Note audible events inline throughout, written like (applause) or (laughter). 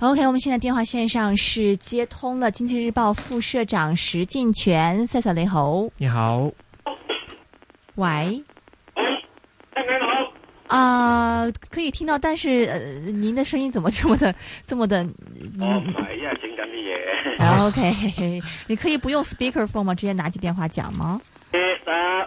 OK，我們現在電話線上是接通了《經濟日報》副社長石鏡泉，賽賽雷猴。你好，喂，你、嗯、好，啊、呃，可以聽到，但是、呃、您的聲音怎麼這麼的，這麼的？我喺、哦嗯、啊，整緊啲嘢。 (laughs) OK， (laughs) 你可以不用 speakerphone 嗎？直接拿起電話講嗎？嗯呃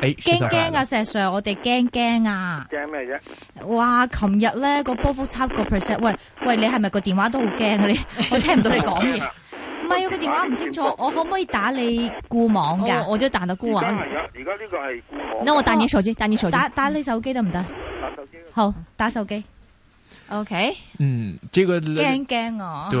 驚驚啊！石 Sir，我哋驚驚啊！驚咩啫？哇！琴日咧個波幅差個 percent，喂喂，你係咪個電話都好驚啊？你我聽唔到你講嘢，唔係個電話唔清楚，我可唔可以打你固網噶？我都要彈到固網。而家呢個係固網。我彈你手機，打打你手機得唔得？打手機。好，打手機。OK。嗯，這個驚驚啊。對。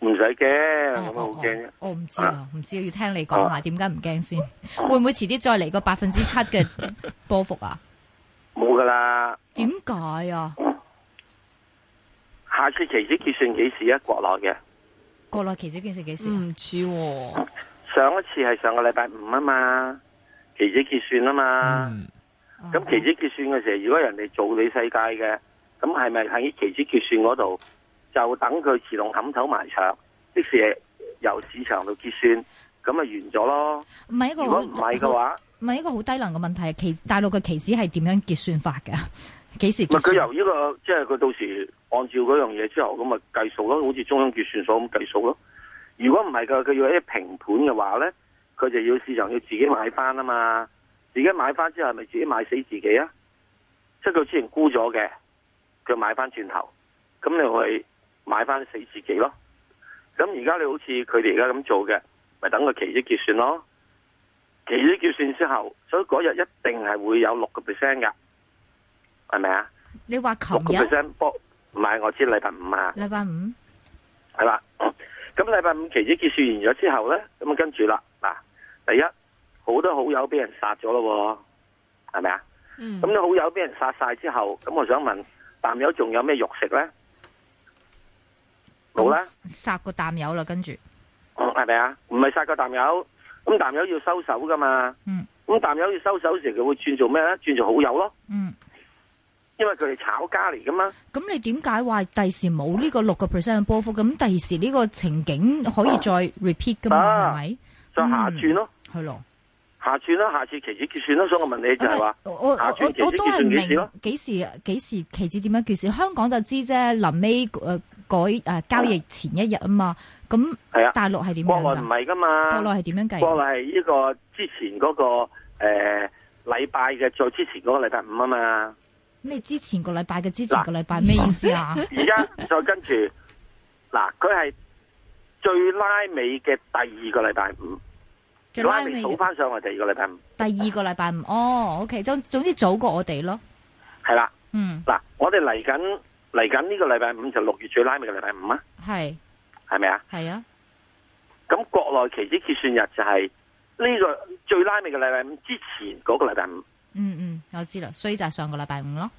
唔使驚，咁好驚？哎、呦我唔、哦哦哦、知啊，唔知要聽你講下點解唔驚先， (laughs) 會唔會遲啲再嚟個百分之七嘅波幅啊？冇噶啦。點解啊？下次期指結算幾時，內內算時，、嗯、啊？國內嘅，國內期指結算幾時？唔知。上一次係上個禮拜五啊嘛，期指結算啊嘛，咁、嗯啊、期指結算嘅時候，如果人哋做你世界嘅，咁係咪喺期指結算嗰度？就等佢自動冚頭埋牆，即、係由市場度結算，咁咪完咗囉。唔係一個如果唔係嘅話，唔係一個好低能嘅問題。大陸嘅期指係點樣結算法嘅？幾時結算？唔係佢由呢個，即係佢到時按照嗰樣嘢之後，咁咪計數囉，好似中央結算所咁計數囉。如果唔係嘅，佢要一平盤嘅話呢，佢就要市場要自己買返啊嘛。自己買返之後，係咪自己買死自己啊！即係佢之前沽咗嘅，佢買返轉頭，咁你係？買翻死自己咯，咁而家你好似佢哋而家咁做嘅，咪等個期指結算咯。期指結算之後，所以嗰日一定係會有六個 percent 嘅，係咪啊？你話求啊？六個 percent 不，唔係我知禮拜五啊。禮拜五係啦，咁禮拜五期指結算完咗之後咧，咁啊跟住啦，嗱，第一好多好友俾人殺咗咯，係咪啊？嗯。咁啲好友俾人殺晒之後，咁我想問，淡友仲有咩肉食咧？好啦，殺個淡友啦，跟住係咪啊？唔係殺個淡友，咁淡友要收手噶嘛？嗯，咁淡友要收手時，佢會轉做咩咧？轉做好友咯。嗯，因為佢哋炒家嚟噶嘛。咁你點解話第時冇呢個六個 percent 嘅波幅？咁第時呢個情景可以再 repeat 噶嘛？係咪就下轉咯？係咯，下轉啦，下次期指結算啦。所以我問你就係話，我我我都係明幾時幾時幾時期指點樣結算？香港就知啫，臨尾誒。改啊！交易前一日啊嘛，咁大陸係點樣噶？國內唔係噶嘛，國內係點樣計？國內係呢個之前嗰個誒禮拜嘅再之前嗰個禮拜五啊嘛。你之前個禮拜嘅之前個禮拜咩意思啊？而家再跟住嗱，佢係 (laughs) 最拉尾嘅第二個禮拜五，最拉尾數翻上啊！第二個禮拜五，第二個禮拜五、啊、哦，OK，總總之早過我哋咯，係啦，嗯，嗱，我哋嚟緊。嚟緊呢個禮拜五就六月最拉尾嘅禮拜五啊，係係咪啊？係啊。咁國內期指結算日就係呢個最拉尾嘅禮拜五之前嗰個禮拜五。嗯嗯，我知啦，所以就係上個禮拜五咯。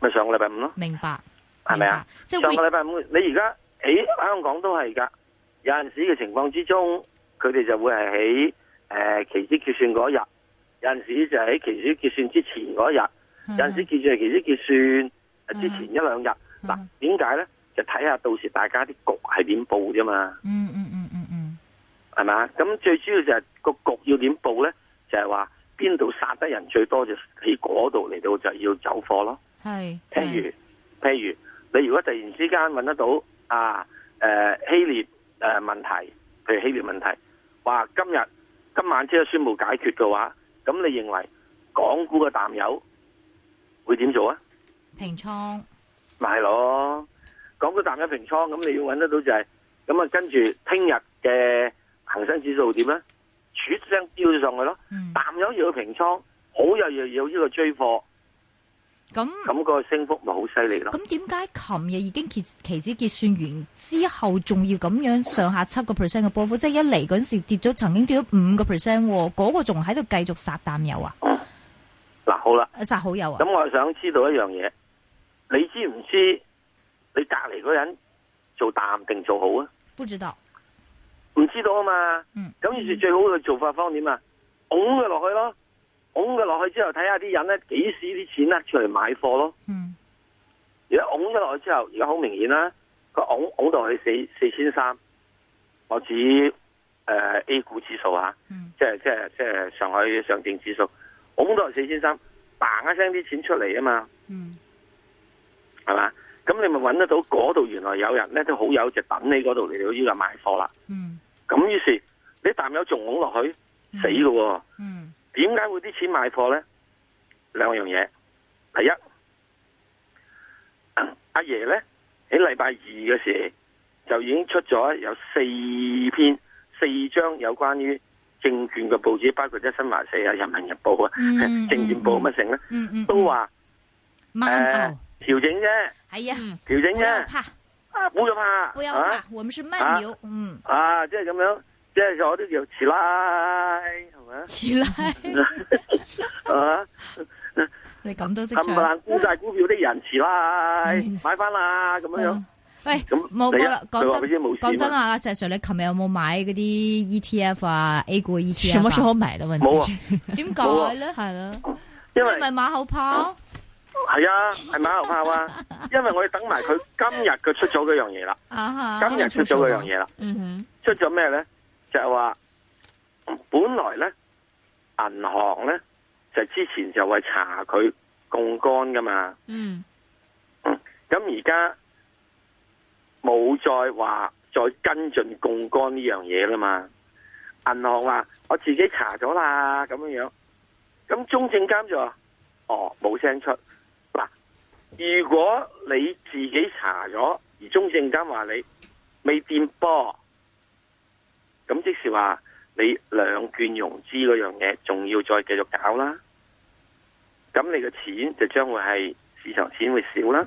咪上個禮拜五咯。明白係咪啊？吧即係會上個禮拜五，你而家喺香港都係噶。有陣時嘅情況之中，佢哋就會係喺誒期指結算嗰日，有陣時就喺期指結算之前嗰日，是是有陣時在結算是是係期指結算之前一兩日。是是嗯嗱，點解咧？就睇下到時大家啲局係點報啫嘛。嗯嗯嗯嗯嗯，係、嗯、咪？咁、嗯嗯、最主要就係個局要點報咧？就係話邊度殺得人最多就喺嗰度嚟到就要走貨咯。係，譬如譬如你如果突然之間搵得到啊，誒、呃，希臘誒、呃、問題，譬如希臘問題，話今日今晚即係宣布解決嘅話，咁你認為港股嘅淡友會點做啊？平倉。賣咯，講到淡嘅平倉，咁你要揾得到就係，咁啊跟住聽日嘅恒生指數點啦，柱聲飆上去咯，淡友要平倉，好又又有呢個追貨，咁咁個升幅咪好犀利咯。咁點解琴日已經結期指結算完之後，仲要咁樣上下七個 percent 嘅波幅，即係一嚟嗰陣時跌咗，曾經跌咗五個 percent，嗰個仲喺度繼續殺淡友啊？嗱，好啦，殺好友啊？咁我想知道一樣嘢。你知唔知你隔籬個人做淡定做好啊？不知道，唔知道啊嘛。嗯，咁於是最好嘅做法方點啊？拱佢落去咯，拱佢落去之後睇下啲人咧幾時啲錢咧出嚟買貨咯。嗯，而家拱佢落去之後，而家好明顯啦、啊，佢拱拱到去四四千三，我指誒 A 股指數吓、啊，即係即係即係上海上證指數，拱到去四千三，嘭一聲啲錢出嚟啊嘛。嗯。係嘛？咁你咪揾得到嗰度原來有人咧，都好有就等你嗰度嚟到依度買貨啦。嗯。咁於是你啖友仲拱落去，死咯。嗯。點解會啲錢買貨咧？兩樣嘢。第一，阿爺咧喺禮拜二嘅時候就已經出咗有四篇四張有關於證券嘅報紙，包括《即係新華社》啊，《人民日報》啊、嗯，嗯《證券報》乜剩啦。都話，誒。調整啫，係啊，調整啫。不用怕，啊，不要怕，不要怕，我們是慢牛，嗯。啊，即係咁樣，即係我啲叫持拉，係咪啊？持拉，你咁都識唱？冚唪唥估晒股票啲人持拉，買翻啦，咁樣樣。喂，冇講真，講真啊，石 Sir，你琴日有冇買嗰啲 ETF 啊？A 股 ETF？什麼時候好賣啦？冇啊，點解咧？係咯，因爲咪馬後炮。係 (laughs) 啊，係咪啊？炮啊，因為我哋等埋佢今日佢出咗嗰樣嘢啦，啊、哈今日出咗嗰樣嘢啦。出咗咩咧？就話、是、本來咧，銀行咧就是、之前就係查佢槓桿噶嘛。嗯，咁而家冇再話再跟進槓桿呢樣嘢啦嘛。銀行話我自己查咗啦，咁樣樣。咁中證監就話，哦，冇聲出。如果你自己查咗，而中證監話你未掂波，咁即是話你兩券融資嗰樣嘢，仲要再繼續搞啦。咁你嘅錢就將會係市場錢會少啦。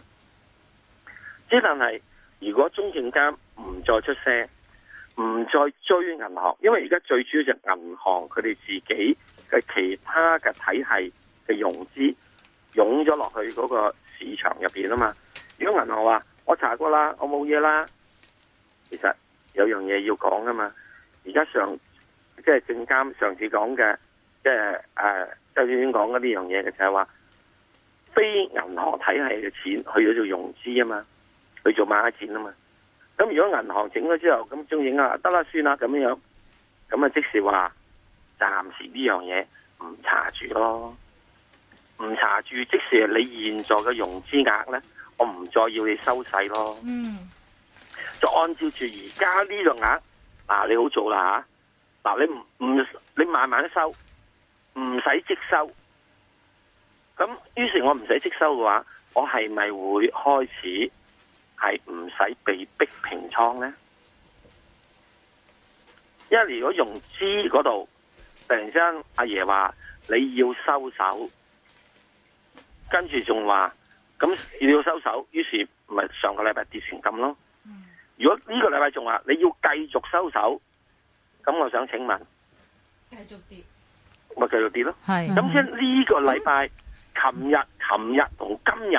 即但係，如果中證監唔再出聲，唔再追銀行，因為而家最主要就銀行佢哋自己嘅其他嘅體系嘅融資湧咗落去嗰個入邊啊嘛，如果銀行話我查過啦，我冇嘢啦，其實有樣嘢要講噶嘛。而家上即係證監上次講嘅，即係誒、呃、周先生講嘅呢樣嘢嘅就係話，非銀行體系嘅錢去咗做融資啊嘛，去做孖展錢啊嘛。咁如果銀行整咗之後，咁中影啊得啦，算啦咁樣，咁啊即使話暫時呢樣嘢唔查住咯。唔查住，即使係你現在嘅融資額呢，我唔再要你收細咯。嗯，就按照住而家呢個額，嗱、啊，你好做啦吓。嗱、啊，你唔唔你慢慢收，唔使即收。咁，於是我唔使即收嘅話，我係咪會開始係唔使被逼平倉呢？因為如果融資嗰度突然之間阿爺話你要收手。跟住仲話，咁你要收手，於是咪上個禮拜跌成咁咯。如果呢個禮拜仲話你要繼續收手，咁我想請問，繼續跌，咪繼續跌咯。係咁先。呢個禮拜，琴日、嗯、琴日同今日，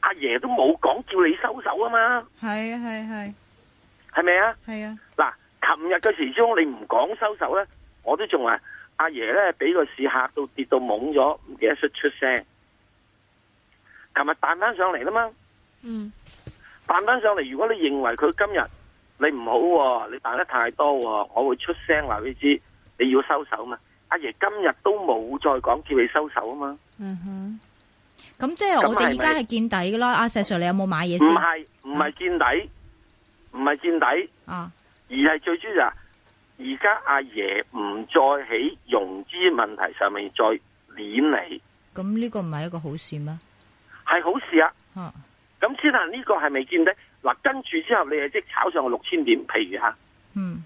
阿爺都冇講叫你收手啊嘛。係啊係係，係咪啊？係啊。嗱，琴日嘅時鐘你唔講收手咧，我都仲話阿爺咧俾個市客到跌到懵咗，唔記得出出聲。琴日彈翻上嚟啦嘛，嗯，彈翻上嚟。如果你認為佢今日你唔好，你彈、啊、得太多，啊，我會出聲話俾你知，你要收手嘛。阿爺今日都冇再講叫你收手啊嘛。嗯哼，咁即係我哋而家係見底囉。阿、啊、石 Sir，你有冇買嘢先？唔係唔係見底，唔係、啊、見底啊，而係最主要，而家阿爺唔再喺融資問題上面再碾你。咁呢個唔係一個好事咩？係好事啊！咁先係呢個係未見得，嗱，跟住之後你係即係炒上去六千點，譬如吓，嗯，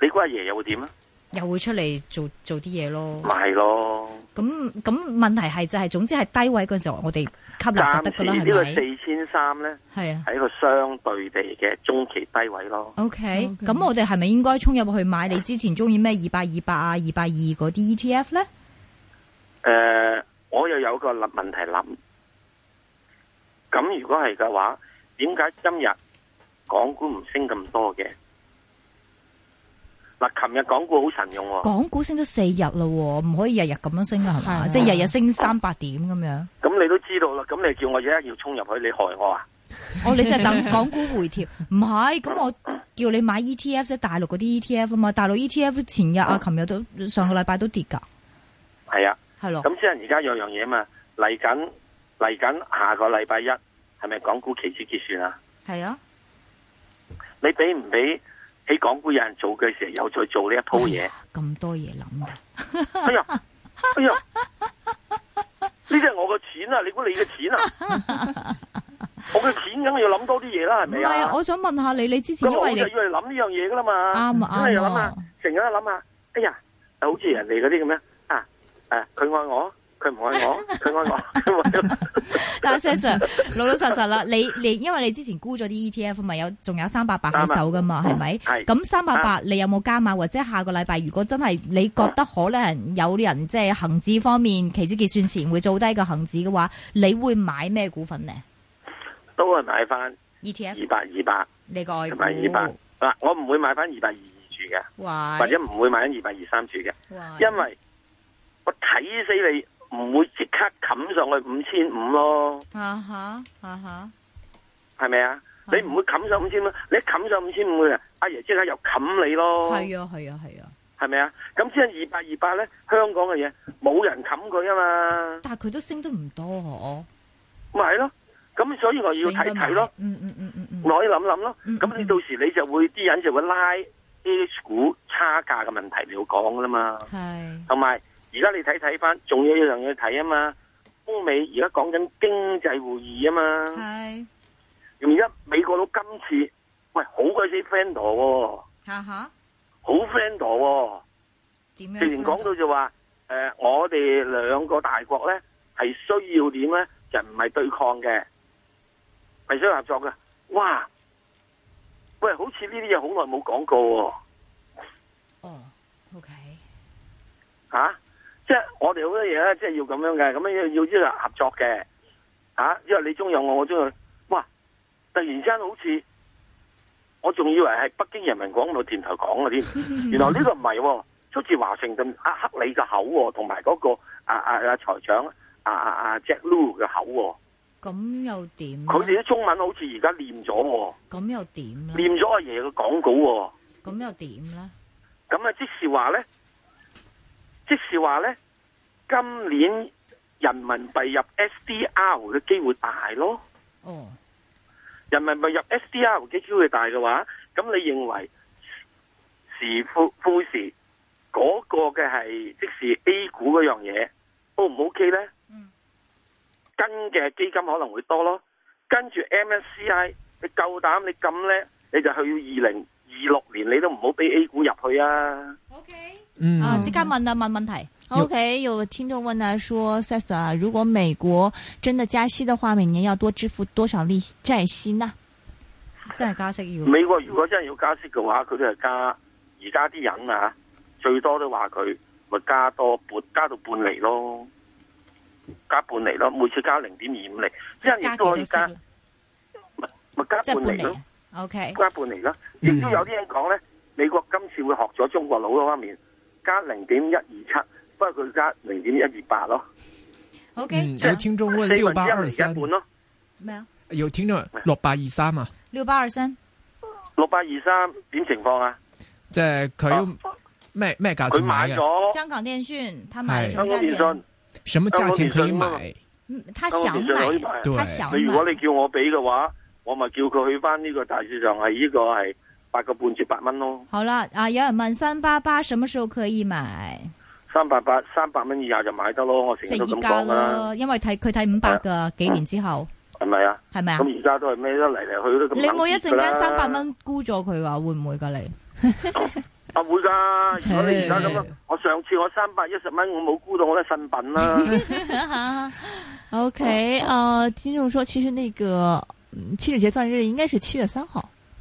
你阿爺又會點啊？又會出嚟做做啲嘢咯？咪係咯？咁咁問題係就係、是，總之係低位嗰陣時我哋吸納就得噶啦，係咪？呢個四千三咧，係啊，喺個相對地嘅中期低位咯。OK，咁 Okay, 我哋係咪應該衝入去買你之前中意咩二百二百啊二百二嗰啲 ETF 咧？誒、呃，我又有個問問題諗。咁如果係嘅話，點解今日港股唔升咁多嘅？嗱，琴日港股好神勇喎，哦。港股升咗四日喎，唔可以日日咁樣升啊，係嘛，嗯？吧即係日日升三百點咁樣。咁，哦，你都知道啦，咁你叫我而家要衝入去，你害我啊？哦，你就係等港股回調，唔係？ (laughs) 咁我叫你買 E T F 啫，大陸嗰啲 E T F 啊嘛，大陸 E T F 前日，嗯，啊，琴日都上個禮拜都跌噶。係啊，係咯。咁即係而家有樣嘢嘛，嚟緊。嚟緊下個禮拜一係咪港股期指結算啊？係啊，你俾唔俾喺港股有人做嘅時候有再做呢一套嘢？咁、哎、多嘢諗啊！ (laughs) 哎呀，哎呀，呢啲係我嘅錢啊！你估你嘅錢啊？ (laughs) 我嘅錢梗要諗多啲嘢啦，係咪是啊？唔係，我想問下你，你之前因為就要嚟諗呢樣嘢噶啦嘛？啱啊對，啱啊，成日諗啊，成日都諗下，哎呀，好似人哋嗰啲咁樣啊，誒、啊，佢愛我。佢唔愛我，佢愛我。但係 Sir 老老實實啦，你你，因為你之前沽咗啲 ETF 咪有，仲有三百八喺手噶嘛，係咪？咁三百八，你有冇加碼？或者下個禮拜如果真係你覺得可能有人即係恒指方面期指結算前會做低個恒指嘅話，你會買咩股份呢？都會買翻 ETF，二八二八，你個唔會。同埋二八？我唔會買翻二八二二住嘅，或者唔會買翻二八二三住嘅，因為我睇死你。唔會即刻冚上去五千五咯，啊哈、uh，啊、huh，哈、uh，係、huh。咪啊？啊你唔會冚上五千咯，你一冚上五千五嘅，阿爺即刻又冚你咯。係啊，係啊，係啊，係咪啊？咁先二百二百咧，香港嘅嘢，冇人冚佢啊嘛。但係佢都升得唔多，啊，咪係咯。咁所以我要睇睇咯，嗯嗯嗯嗯嗯，我可以諗諗咯。咁，嗯嗯嗯嗯，你到時你就會啲人就會拉 H 股差價嘅問題要講噶啦嘛，係是，同埋。而家你睇睇翻，仲有一樣嘢要睇啊嘛！中美而家講緊經濟會議啊嘛，係而家美國佬今次喂好鬼死 friend 度喎，吓吓好 friend 度喎，點、哦？之前講到就話誒、呃，我哋兩個大國咧係需要點咧，就唔係對抗嘅，係需要合作嘅。」哇，喂，好似呢啲嘢好耐冇講過哦。Oh, OK，吓、啊。即係我哋好多嘢咧，即係要咁樣嘅，咁樣要要呢個合作嘅，吓、啊，因為你中有我，我中有你，哇！突然間好似我仲以為係北京人民廣播電台講嘅添， (laughs) 原來呢個唔係、哦，出自華盛頓阿克里嘅口、哦，同埋嗰個阿啊阿財、啊啊、長阿啊阿、啊、Jack Lu 嘅口、哦。咁又點？佢哋啲中文好似而家念咗、哦。咁又點？念咗阿爺嘅講稿、哦。咁又點咧？咁啊，即是話咧。即是話呢，今年人民幣入 SDR 嘅機會大咯。Oh. 人民幣入 SDR 嘅機會大嘅話，咁你認為是富時、那個、是富時嗰個嘅係，即是 A 股嗰樣嘢，O 唔 O K 呢？嗯，mm. 跟嘅基金可能會多咯。跟住 MSCI，你夠膽你咁呢，你就去到二零二六年，你都唔好俾 A 股入去啊！嗯，即刻問啊，問問題。嗯，OK，有聽眾問啊，說 Sasa，如果美國真的加息的話，每年要多支付多少利息？債息呢？真係加息要？美國如果真係要加息嘅話，佢都係加而家啲人啊，最多都話佢咪加多半，加到半厘咯，加半厘咯，每次加零點二五厘，真係加嘅加咪加半厘咯，O K，加半厘咯。亦都有啲人講咧，美國今次會學咗中國佬方面。加零點一二七，不過佢加零點一二八咯。O、okay, K，、嗯、有聽眾問六八二三半咯，咩啊？有聽眾六八二三啊？六八二三，六八二三點情況啊？即係佢咩咩價錢買香港電訊，他買香港電訊，什麼價錢可以買、啊啊？他想買，他想買。他如果你叫我俾嘅話，我咪叫佢去返呢個大市場，係、這、呢個係。八個半至八蚊咯。好啦，啊！有人問三八八什麼時候可以買？三八八三百蚊以下就買得咯，我成日都咁講噶啦。因為睇佢睇五百噶，幾年之後係咪啊？係、嗯、咪啊？咁而家都係咩咧？嚟嚟去去你冇一陣間三百蚊估咗佢噶，會唔會噶你？啊 (laughs) 會噶！如果你而家咁樣，我上次我三百一十蚊，我冇估到我的身，我都信品啦。OK，啊、呃，聽眾說，其實那個清算日應該是七月三號。